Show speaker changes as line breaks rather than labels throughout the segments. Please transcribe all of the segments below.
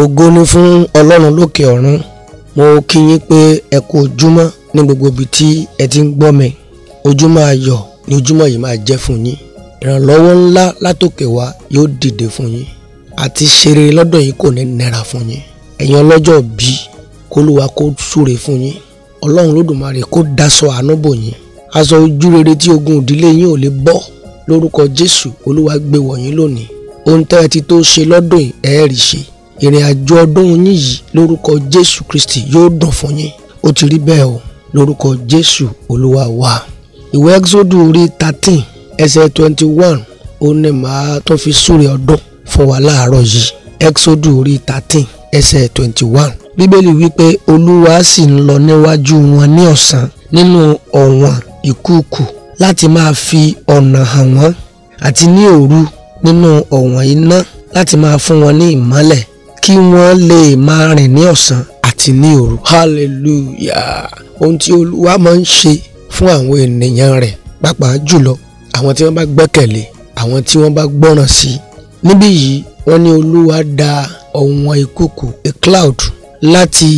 ògo ni fún ọlọ́run lókè ọ̀run mo kí yín pé ẹ kú ojúmọ́ ní gbogbo ibi tí ẹ ti ń gbọ́ mi ojúmọ́ ayọ̀ ni ojúmọ́ yìí máa jẹ́ fún yín ìrànlọ́wọ́ ńlá látòkè wá yóò dìde fún yín àti ṣeré lọ́dọ̀ yìí kò ní nira fún yín ẹ̀yin ọlọ́jọ́ bí kólúwa kó súre fún yín ọlọ́run lódùmarè kó daṣọ àánú bò yín aṣọ ojú rere tí ogun ìdílé yín ò lè bọ́ lórúkọ jésù olúwa gbé wọ̀nyí lónìí ohun tẹ́ ẹ ti tó ṣe lọ́dún ẹ̀ ẹ́ rí ṣe ìrìn àjò ọdún yín yìí lórúkọ jésù kristi yóò dùn fún yín ó ti rí bẹ́ẹ̀ o lórúkọ jésù olúwa wa ìwé exodu orí thirteen ẹsẹ̀ twenty one ó ní màá tó fi súre ọdún fún wa láàárọ̀ yìí exodu orí thirteen ẹsẹ̀ twenty one bíbélì wípé olúwa sì ń lọ níwájú wọn ní ọ̀sán nínú ọ̀wọ̀n ìkúùkù láti máa fi ọ̀nà hàn wọ́n àti ní òru nínú ọ̀wọ̀n iná láti máa fún wọn ní ìmọ́lẹ̀ kí wọ́n lè máa rìn ní ọ̀sán àti ní òru hallelujah ohun tí olúwa máa ń ṣe fún àwọn ènìyàn rẹ̀ pàápàá jùlọ àwọn tí wọ́n bá gbẹ́kẹ̀lé àwọn tí wọ́n bá gbọ́ràn sí níbí yìí wọ́n ní olúwa dá ọ̀wọ́n ìkùkù a cloud láti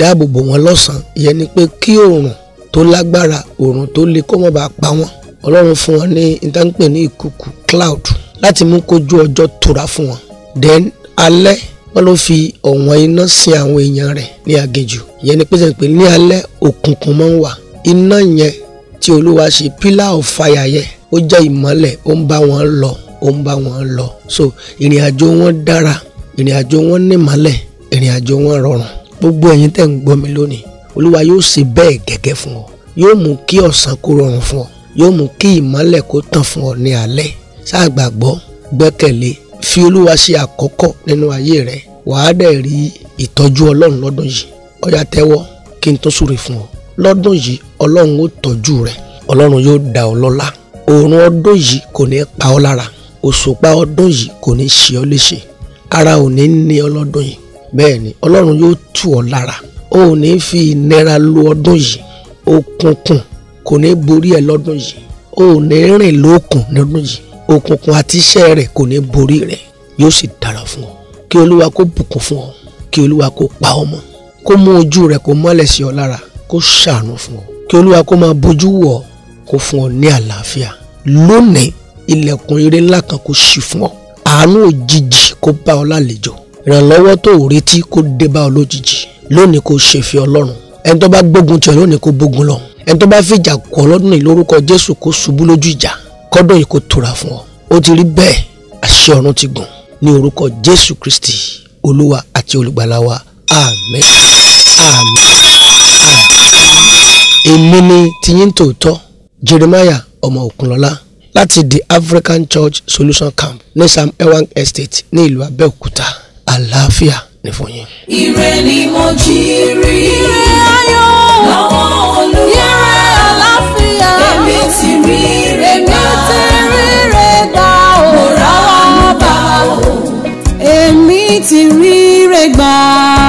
dáàbò bò wọ́n lọ́sàn-án ìyẹn ni pé kí oòrùn tó lágbára oòrùn tó le kó má bàa pa wọ́n ọlọ́run fún wọn ní ìtànpẹ̀ ní ìkùkù cloud láti mú kójú ọjọ́ tóra fún wọn then alẹ́ wọ́n ló fi ọ̀wọ́n iná sin àwọn èèyàn rẹ̀ ní aginjù ìyẹn ni pèsè pé ní alẹ́ òkùnkùn máa ń wà iná yẹn tí olúwa ṣe pillar of fire yẹn ó jẹ́ ìmọ́lẹ̀ ó ń bá wọn lọ ó ń bá wọn lọ so ìrìn àjò wọn dára ìrìn àjò wọn nímọ́lẹ̀ ìrìn àjò wọn rọrùn gbogbo ẹ̀yin tẹ̀ ń gbọ́ mi lónìí olúwa yóò ṣe bẹ́ẹ̀ gẹ́gẹ́ fún ọ yóò mú kí ọ̀sán kó rọrùn fún ọ yóò mú kí ìmọ́lẹ̀ kó tàn fún ọ ní alẹ́ ṣáà gbàgbọ́ gbẹ́kẹ̀lé fi olúwa ṣe àkọ́kọ́ nínú ayé rẹ wàá dẹ̀ rí ìtọ́jú ọlọ́run lọ́dún yìí ọ̀yà tẹ́wọ́ kí n tó súre fún ọ lọ́dún yìí ọlọ́run ó tọ́jú rẹ ọlọ́run yóò dá ọ lọ́lá òòrùn ọdún yìí kò ní pa ọ lára òṣùpá ọdún yìí kò ní ṣe ọ léṣe ara ò ní ní ọ lọ́dún yìí bẹ́ẹ̀ ni ọlọ́run yóò tù ọ lára o ò ní fi ìnira lu ọdún yìí òkùnkùn kò ní borí ẹ lọ́dún yìí o ò ní rìn lókun lọ́dún yìí òkùnkùn àti iṣẹ́ rẹ̀ kò ní borí rẹ̀ yóò sì dára fún ọ kí olúwa kó bùkún fún ọ kí olúwa kó pa ọ mọ́ kó mú ojú rẹ kó mọ́lẹ̀ sí ọ lára kó ṣàánú fún ọ kí olúwa kó máa bójú wò ọ kó fún ọ ní àlàáfíà lónìí ilẹ̀kùn ire ńlá kan kó ṣí fún ọ àánú òjijì kó bá ọ lálejò ìrànlọ́wọ́ tó ò retí kó dé bá ọ lójijì lónìí kó ṣèfẹ́ ọlọ́run ẹni tó bá gbógun tì lónìí kó bógun lọ ẹni tó bá fìjà kọ ọlọ́dún yìí lórúkọ jésù kó ṣubú lójú ìjà kọ́dọ̀ yìí kó tura fún ọ ó ti rí bẹ́ẹ̀ àṣẹ ọ̀run ti gùn ní orúkọ jésù kristi olúwa àti olùgbàlà wa Amen. àmín èmi ni tiyín tòótọ́ jeremiah ọmọ òkunlọ́lá láti the african church solution camp ní sam ewang estate ní ìlú abẹ́òkúta àlàáfíà ni fún yín.
ire ni mo jí rí ayọ̀. èmi ti rí rẹ̀ gbà.